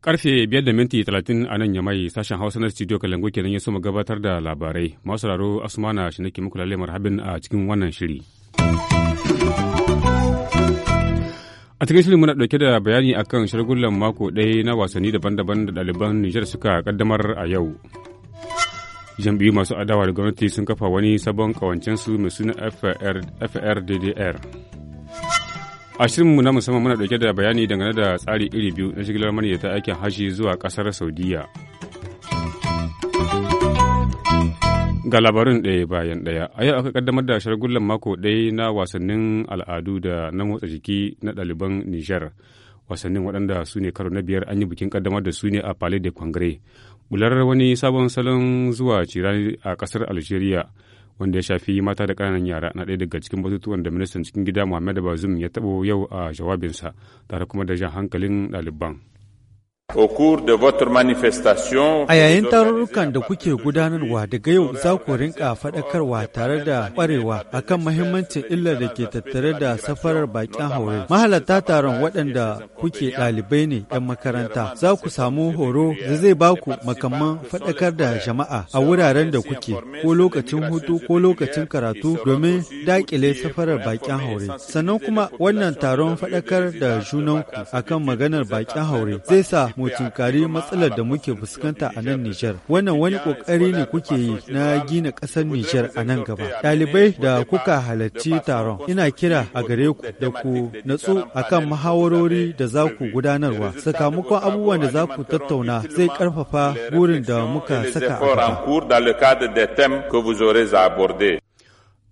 Karfe biyar da minti talatin a nan yamai sashen Hausa na studio Kalangu kenan ya soma gabatar da labarai. Masu raro Asmana shi nake muku lalle marhabin a cikin wannan shiri. a cikin shirin muna dauke da bayani akan shirgullan mako ɗaya na wasanni daban-daban da ɗaliban nijar suka kaddamar a yau biyu masu adawa da gwamnati sun kafa wani sabon kawancen su mai suna FRDDR. A shirinmu na musamman muna dauke da bayani dangane da tsari iri biyu na shigilar ta aikin hashi zuwa kasar Saudiya. Ga labarin ɗaya bayan ɗaya, a yau aka kaddamar da shargullan mako ɗaya na wasannin al'adu da na motsa jiki na ɗaliban Nijar. wasannin waɗanda su ne karo na biyar an yi bikin kaddamar da su ne a palais de congrès bular wani sabon salon zuwa cirani a ƙasar algeria wanda ya shafi mata da ƙananan yara na ɗaya daga cikin batutuwan da ministan cikin gida muhammad bazum ya taɓo yau a jawabinsa tare kuma da jan hankalin ɗaliban. A yayin tarurrukan da kuke gudanarwa daga yau za ku rinka faɗakarwa tare da ƙwarewa akan mahimmancin illar da ke tattare da safarar baƙin haure. Mahalarta taron waɗanda kuke ɗalibai ne 'yan makaranta za ku samu horo da zai ba ku makamman faɗakar da jama'a a wuraren da kuke ko lokacin hutu ko lokacin karatu domin daƙile safarar baƙin haure. Sannan kuma wannan taron faɗakar da junanku akan maganar baƙin haure zai sa mu mu tunkari matsalar da muke fuskanta a nan Nijar. Wannan wani kokari ne kuke yi na gina ƙasar Nijar a nan gaba. Ɗalibai da kuka halarci taron, ina kira a gare ku da ku natsu akan muhawarori da za ku gudanarwa. Sakamakon abubuwan da za ku tattauna zai karfafa burin da muka saka a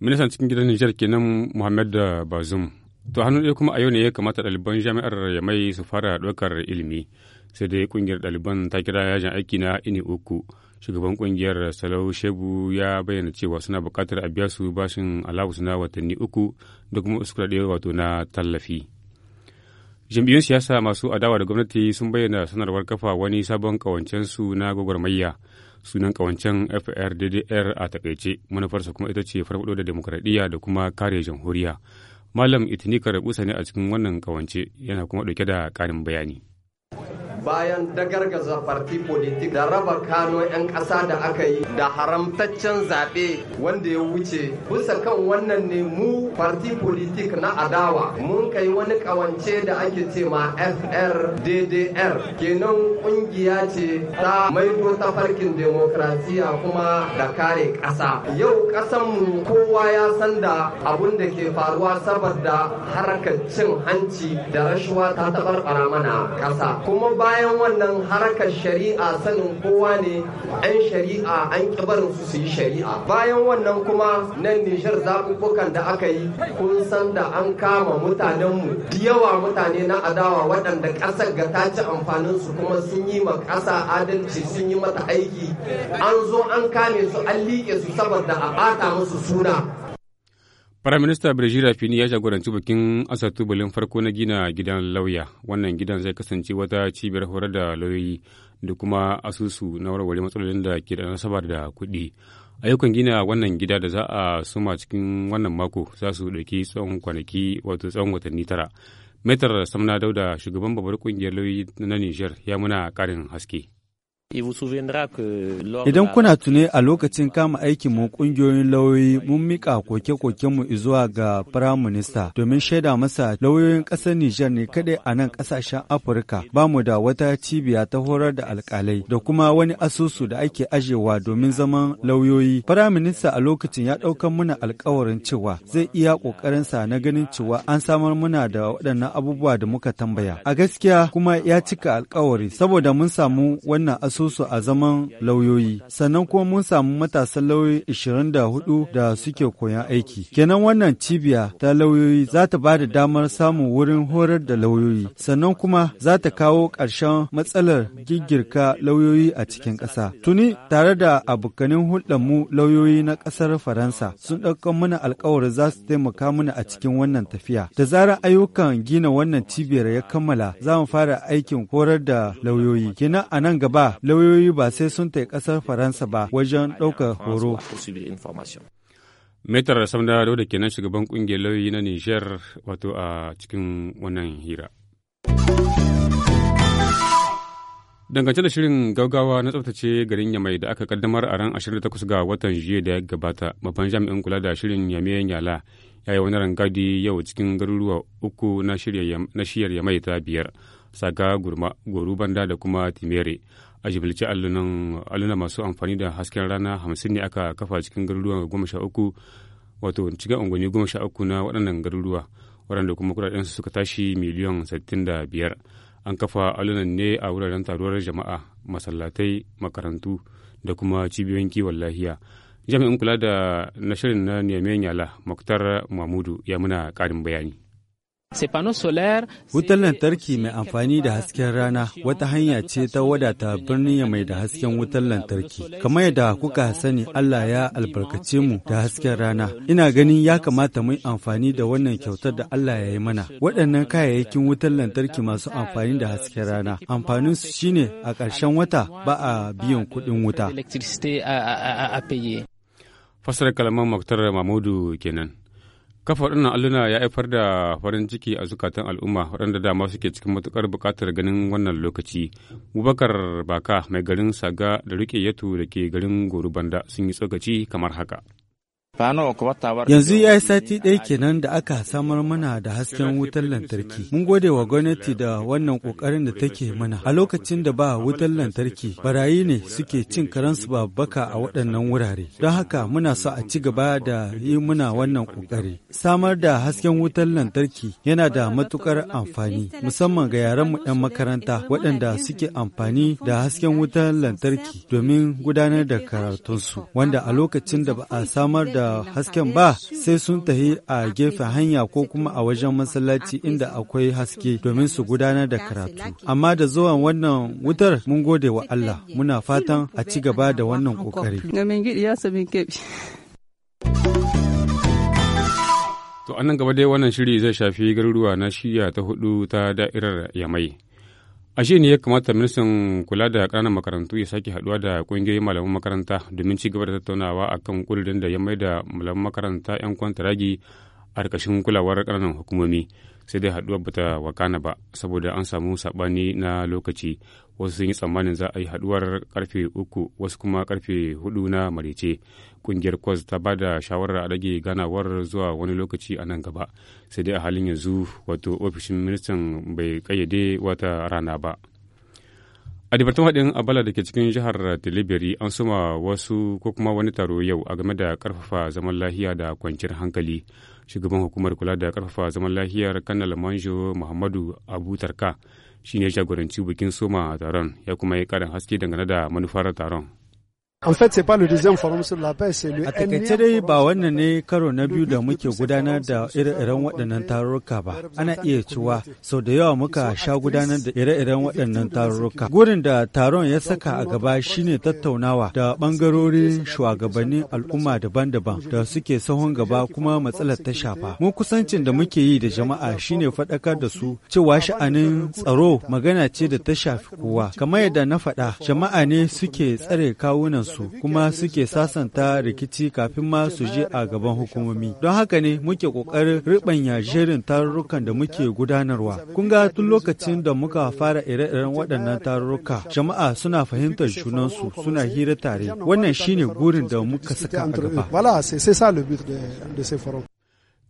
Ministan cikin gidan Nijar kenan Muhammad Bazum. To hannu ɗaya kuma a yau ne ya kamata ɗaliban jami'ar ya mai su fara ɗaukar ilimi. sai dai kungiyar ɗaliban ta kira yajin aiki na ini uku shugaban kungiyar salau shebu ya bayyana cewa suna buƙatar a biya su bashin alawus na watanni uku da kuma uskuraɗe wato na tallafi jam'iyyun siyasa masu adawa da gwamnati sun bayyana sanarwar kafa wani sabon kawancen su na gwagwarmayya sunan kawancen FRDDR a takaice manufarsa kuma ita ce farfado da demokradiyya da kuma kare jamhuriya. Malam Itinikar Busa ne a cikin wannan kawance yana kuma ɗauke da karin bayani. bayan dagargaza farti politik da raba kano 'yan ƙasa da aka yi da haramtaccen zaɓe wanda ya wuce bisa kan wannan ne mu farti politik na adawa mun kai wani ƙawance da ake ce ma frddr kenan ƙungiya ce ta maido ta farkin demokrasiya kuma da kare ƙasa yau ƙasanmu kowa ya san da abun da ke faruwa saboda harkar cin hanci da rashuwa ta taɓar mana ƙasa kuma ba bayan wannan harkar shari'a sanin kowa ne an shari'a an kibarin su su yi shari'a bayan wannan kuma nan nishar zaɓuɓɓukan da aka yi kun san da an kama mutanenmu da yawa mutane na adawa waɗanda ƙasar ga ta ci amfanin su kuma sun yi ma ƙasa adalci sun yi mata aiki an zo an kame su an liƙe su saboda a ɓata musu suna Firaminista Brigida Fini ya jagoranci bikin asatubalin farko na gina gidan lauya. Wannan gidan zai kasance wata cibiyar horar da lauyoyi da kuma asusu na warware matsalolin da ke da nasaba da kuɗi. Ayyukan gina wannan gida da za a suma cikin wannan mako za su ɗauki tsawon kwanaki wato tsawon watanni tara. Metar Samna Dauda, shugaban babbar ƙungiyar lauyoyi na Nijar, ya muna karin haske. Idan kuna tuni a lokacin kama mu kungiyoyin lauyoyi mun mika koke-kokenmu izuwa ga firaminista domin shaida masa lauyoyin kasar Nijar ne kadai a nan ƙasashen Afirka ba mu da wata cibiya ta horar da alkalai da kuma wani asusu da ake ajewa domin zaman lauyoyi. firaminista a lokacin ya ɗaukar muna alkawarin cewa zai iya ƙoƙarinsa na ganin cewa an samar muna da waɗannan abubuwa da muka tambaya. A gaskiya kuma ya cika alkawari saboda mun samu wannan asusu su su a zaman lauyoyi sannan kuma mun samu matasan lauyoyi 24 da suke koyan aiki kenan wannan cibiya ta lauyoyi za ta ba da damar samun wurin horar da lauyoyi sannan kuma za ta kawo ƙarshen matsalar giggirka lauyoyi a cikin ƙasa tuni tare da abokanin hulɗarmu lauyoyi na ƙasar faransa sun ɗauka mana alkawar za su taimaka mana a cikin wannan tafiya da zarar ayyukan gina wannan cibiyar ya kammala za mu fara aikin horar da lauyoyi kenan a nan gaba lauyoyi ba sai sun tai kasar Faransa ba wajen ɗaukar horo. Metar Samda da kenan shugaban kungiyar lauyoyi na niger wato a cikin wannan hira. Dangance da shirin gaugawa na tsaftace garin Yamai da aka kaddamar a ran 28 ga watan Juye da ya gabata, babban jami'in kula da shirin Yame Yala ya yi wani rangadi yau cikin garuruwa uku na shiyar Yamai ta biyar, Saga Gurma, Gorubanda da kuma Timere. a jibilci alluna masu amfani da hasken rana hamsin ne aka kafa cikin garuruwa goma sha uku wato cikin unguwanni goma sha uku na waɗannan garuruwa waɗanda kuma kuɗaɗen suka tashi miliyan sittin da biyar an kafa allunan ne a wuraren taruwar jama'a masallatai makarantu da kuma cibiyoyin kiwon lahiya jami'in kula da na shirin na neman yala muktar mahmudu ya muna ƙarin bayani Wutar lantarki mai amfani da hasken rana wata hanya ce ta wadata birnin ya mai da hasken wutar lantarki. Kamar yadda kuka sani Allah ya albarkace mu da hasken rana. Ina ganin ya kamata mu amfani da wannan kyautar da Allah ya yi mana. Waɗannan kayayyakin wutar lantarki masu amfani da hasken rana. Amfanin su shine a ƙarshen wata ba a biyan kuɗin wuta. Fasar kalaman Maktar mahmudu kenan. Kafa waɗannan alluna ya haifar da farin ciki a zukatan al'umma waɗanda dama suke cikin matuƙar buƙatar ganin wannan lokaci. Bubakar Baka mai garin Saga da Rike Yatu da ke garin Gorubanda sun yi tsokaci kamar haka. Yanzu ya yi sati ɗaya kenan da aka samar mana da hasken wutar lantarki. Mun gode wa gwamnati da wannan ƙoƙarin da take mana. A lokacin da ba wutar lantarki, barayi ne suke cin karansu babbaka a waɗannan wurare. Don haka muna so a ci gaba da yi muna wannan ƙoƙari. Samar da hasken wutar lantarki yana da matuƙar amfani, musamman ga mu ɗan makaranta waɗanda suke amfani da hasken wutar lantarki domin gudanar da karatunsu, wanda a lokacin da ba a samar da da hasken ba sai sun tahi a gefe hanya ko kuma a wajen masallaci inda akwai haske domin su gudanar da karatu. Amma da zuwan wannan wutar mun gode wa Allah muna fatan a ci gaba da wannan kokari. To, annan gaba dai wannan shiri zai shafi garuruwa na shiya ta hudu ta da'irar Yamai. ashe ne ya kamata ministan kula da ƙananan makarantu ya sake haɗuwa da ƙungiyoyin malaman makaranta domin ci gaba da tattaunawa akan ƙudurin da ya mai da malaman makaranta 'yan kwantaragi a ƙarƙashin kulawar ƙananan hukumomi sai dai haɗuwar bata wakana ba saboda an samu saɓani na lokaci wasu sun yi tsammanin za a yi haɗuwar karfe uku wasu kuma karfe hudu na marece ƙungiyar kwas ta ba da shawarar a rage ganawar zuwa wani lokaci a nan gaba sai dai a halin yanzu wato ofishin ministan bai kayyade wata rana ba. a dibartun haɗin abala da ke cikin jihar tilibiri an suma wasu ko kuma wani taro yau a game da ƙarfafa zaman lafiya da kwanciyar hankali shugaban hukumar kula da ƙarfafa zaman lahiyar kanal manjo muhammadu abu tarka ne jagoranci bikin soma taron ya kuma yi karin haske dangane da manufar taron En fait, c'est pas le deuxième forum sur la paix, c'est le A takaice dai ba wannan ne karo na biyu da muke gudanar da ire-iren waɗannan tarurruka ba. Ana iya cewa sau da yawa muka sha gudanar da ire-iren waɗannan tarurruka. Gurin da taron ya saka a gaba shine tattaunawa da bangarorin shugabannin al'umma daban-daban da suke sahun gaba kuma matsalar ta shafa. Mu kusancin da muke yi da jama'a shine faɗakar da su cewa sha'anin tsaro magana ce da ta shafi kowa. Kamar yadda na faɗa, jama'a ne suke tsare kawunan su kuma suke sasanta rikici kafin ma su je a gaban hukumomi. Don haka ne muke kokarin riɓanya jerin tarurrukan da muke gudanarwa. Kun ga tun lokacin da muka fara ire-iren waɗannan tarurruka, jama'a suna fahimtar junansu suna hira tare. Wannan shine gurin da muka saka a gaba.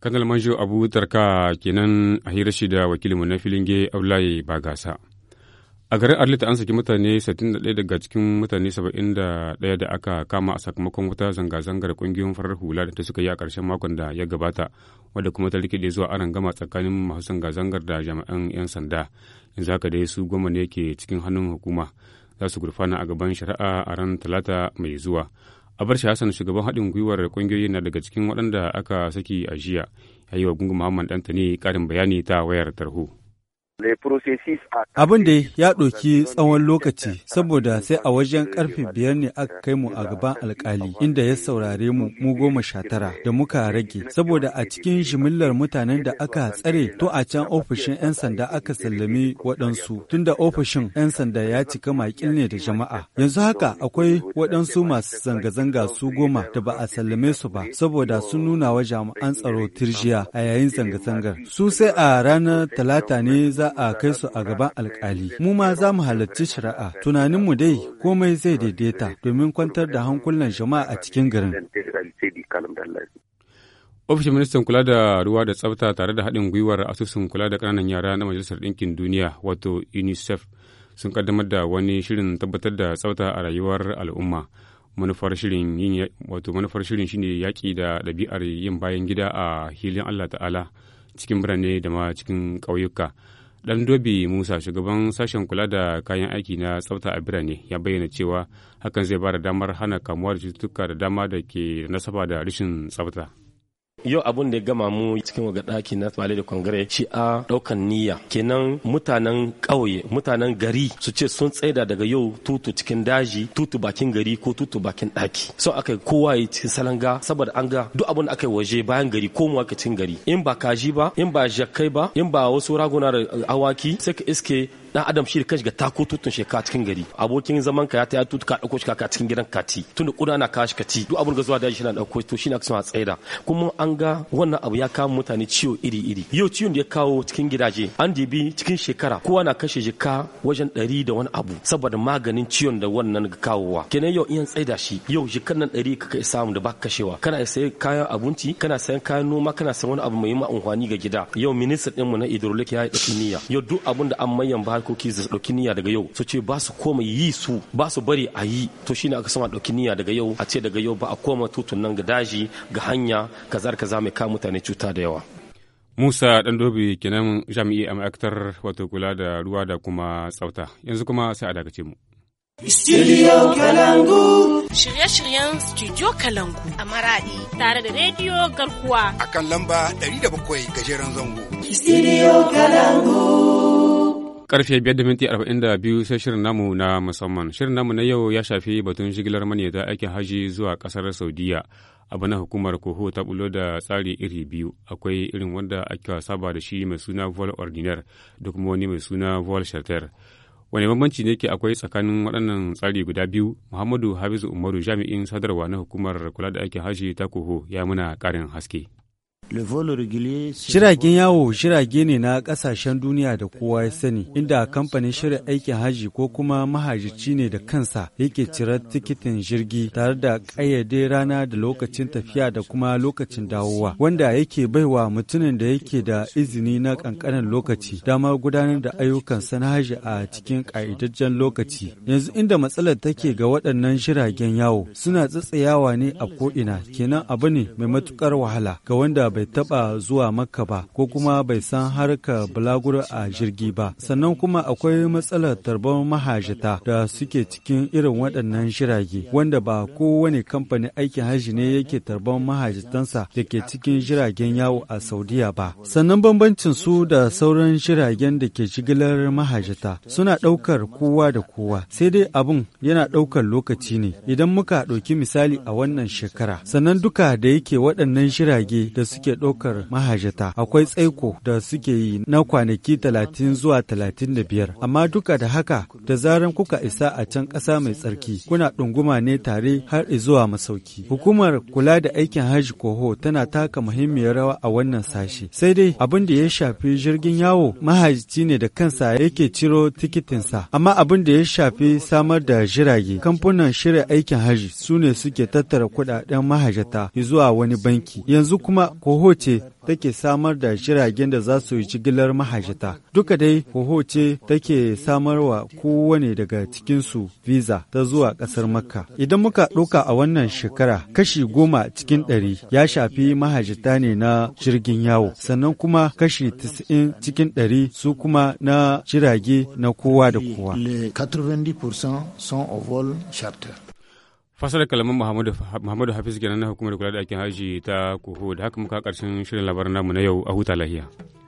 Kanal Manjo Abu Tarka kenan a hira shi da wakilinmu na Filinge abdullahi Bagasa. a garin arlita an saki mutane 61 daga cikin mutane 71 da aka kama a sakamakon wata zanga-zangar kungiyoyin farar hula da suka yi a ƙarshen makon da ya gabata wadda kuma ta rikide zuwa aran gama tsakanin masu zanga-zangar da jami'an 'yan sanda yanzu haka dai su goma ne ke cikin hannun hukuma za su gurfana a gaban shari'a a ran talata mai zuwa a bar hassan shugaban haɗin gwiwar ƙungiyoyi na daga cikin waɗanda aka saki a jiya ya yi wa gungun muhammad ɗantani ƙarin bayani ta wayar tarho. Abin da ya ɗauki tsawon lokaci saboda sai a wajen karfe biyar ne aka kai mu a gaban alkali inda ya saurare mu mu goma sha tara da muka rage saboda a cikin jimillar mutanen da aka tsare to a can ofishin 'yan sanda aka sallame waɗansu tunda ofishin 'yan sanda ya cika makil ne da jama'a. Yanzu haka akwai waɗansu masu zanga-zanga su goma da ba a sallame su ba saboda sun nuna wa jami'an tsaro tirjiya a yayin zanga-zangar. Su sai a ranar talata ne za za a kai su a gaban alkali. Mu ma za mu halarci shari'a. Tunaninmu dai komai zai daidaita domin kwantar da hankulan jama'a a cikin garin. Ofishin Ministan Kula da Ruwa da Tsafta tare da haɗin gwiwar asusun kula da ƙananan yara na Majalisar Ɗinkin Duniya wato UNICEF sun kaddamar da wani shirin tabbatar da tsafta a rayuwar al'umma. manufar shirin yin wato manufar shirin shine yaƙi da ɗabi'ar yin bayan gida a hilin Allah ta'ala cikin birane da ma cikin ƙauyuka dan dobi musa shugaban sashen kula da kayan aiki na tsafta a birane ya bayyana cewa hakan zai ba da damar hana kamuwa da cututtuka da dama da ke nasaba da rashin tsabta. yau abun da ya gama mu cikin waga daki na malai da kwangare shi a daukan niyya kenan mutanen kauye mutanen gari su ce sun tsaida daga yau tutu cikin daji tutu bakin gari ko tutu bakin daki so aka kowa ya cikin salanga saboda an ga duk abun da aka waje bayan gari ko mu aka cikin gari in ba kaji ba in ba jakkai ba in ba wasu raguna da awaki sai ka iske dan adam shi kanshi ga tako tutun sheka cikin gari abokin zaman ka ya ta ya k'a dauko shi ka cikin gidan tun tunda kuda ana kashi kati duk abun ga zuwa daji shi na dauko to shi na kusa tsaida kuma an ga wannan abu ya kawo mutane ciwo iri iri yau ciwon da ya kawo cikin gidaje an dibi cikin shekara kowa na kashe ka wajen dari da wani abu saboda maganin ciwon da wannan ga kawowa kenan yau iyan tsaida shi yau kan nan dari ka kai samu da ba kashewa kana sayan kayan abinci kana sayan kayan noma kana sayan wani abu mai ma ga gida yau ministan ɗinmu na idrolik ya yi tsiniya yau duk abun da an mayan ba harkoki su dauki niyya daga yau su ce ba su koma yi su ba su bari a yi to shine aka sama dauki niyya daga yau a ce daga yau ba a koma tutun nan ga daji ga hanya kazar kaza mai ka mutane cuta da yawa Musa Dandobi kenan jami'i a ma'aikatar wato kula da ruwa da kuma tsafta yanzu kuma sai a dakace mu. Studio Kalangu. Shirye-shiryen Studio Kalangu a Maradi tare da Radio Garkuwa. A kan lamba 107 gajeren zango. Studio Kalangu. karfe 5:42 sai shirin namu na musamman. Shirin namu na yau ya shafi batun jigilar da aikin haji zuwa kasar Saudiya. Abu na hukumar koho ta bulo da tsari iri biyu. Akwai irin wanda aka saba da shi mai suna vol ordinar da kuma wani mai suna vol shelter. Wane bambanci ne ke akwai tsakanin waɗannan tsari guda biyu? Muhammadu Hafizu Umaru jami'in sadarwa na hukumar kula da aikin haji ta koho ya muna ƙarin haske. Shiragen yawo shirage ne na ƙasashen duniya da kowa ya sani, inda kamfanin shirin aikin haji ko kuma mahajici ne da kansa yake cire tikitin jirgi tare da ƙayyade rana da lokacin tafiya da kuma lokacin dawowa, wanda yake baiwa mutumin da yake da izini na ƙanƙanin lokaci damar gudanar da ayyukan na haji a cikin ƙa'idajjen lokaci. Yanzu inda matsalar take ga waɗannan shiragen yawo suna tsatsayawa ne a ko'ina kenan abu ne mai matuƙar wahala ga wanda bai bai taba zuwa makka ba ko kuma bai san harka bulaguro a jirgi ba sannan kuma akwai matsalar tarban mahajata da suke cikin irin waɗannan jirage wanda ba kowane kamfanin aikin hajji ne yake tarbar mahajitansa da ke cikin jiragen yawo a saudiya ba sannan bambancin su da sauran jiragen da ke jigilar mahajata suna ɗaukar kowa da kowa sai dai abun yana ɗaukar lokaci ne idan muka ɗauki misali a wannan shekara sannan duka da yake waɗannan jirage da suke suke ɗaukar mahajata akwai tsaiko da suke yi na kwanaki talatin zuwa talatin da biyar amma duka da haka da zaran kuka isa a can ƙasa mai tsarki kuna ɗunguma ne tare har zuwa masauki hukumar kula da aikin hajji koho tana taka muhimmiyar rawa a wannan sashe sai dai abin da ya shafi jirgin yawo mahajici ne da kansa yake ciro tikitinsa amma abin da ya shafi samar da jirage kamfunan shirya aikin hajji su ne suke tattara kuɗaɗen mahajata zuwa wani banki yanzu kuma koho hoho ce take samar da jiragen da za su yi jigilar mahajata. Duka dai hoho ce take samar samarwa kowane daga cikinsu visa ta zuwa ƙasar Makka. Idan muka ɗauka a wannan shekara kashi goma cikin ɗari ya shafi mahajata ne na jirgin yawo, sannan kuma kashi tis'in cikin ɗari su kuma na jirage na kowa da kowa. fasarar kalaman muhammadu hafiz kenan na hukumar kula da aikin haji ta kuhu da haka muka karshen shirin labarin namu na yau a huta lahiya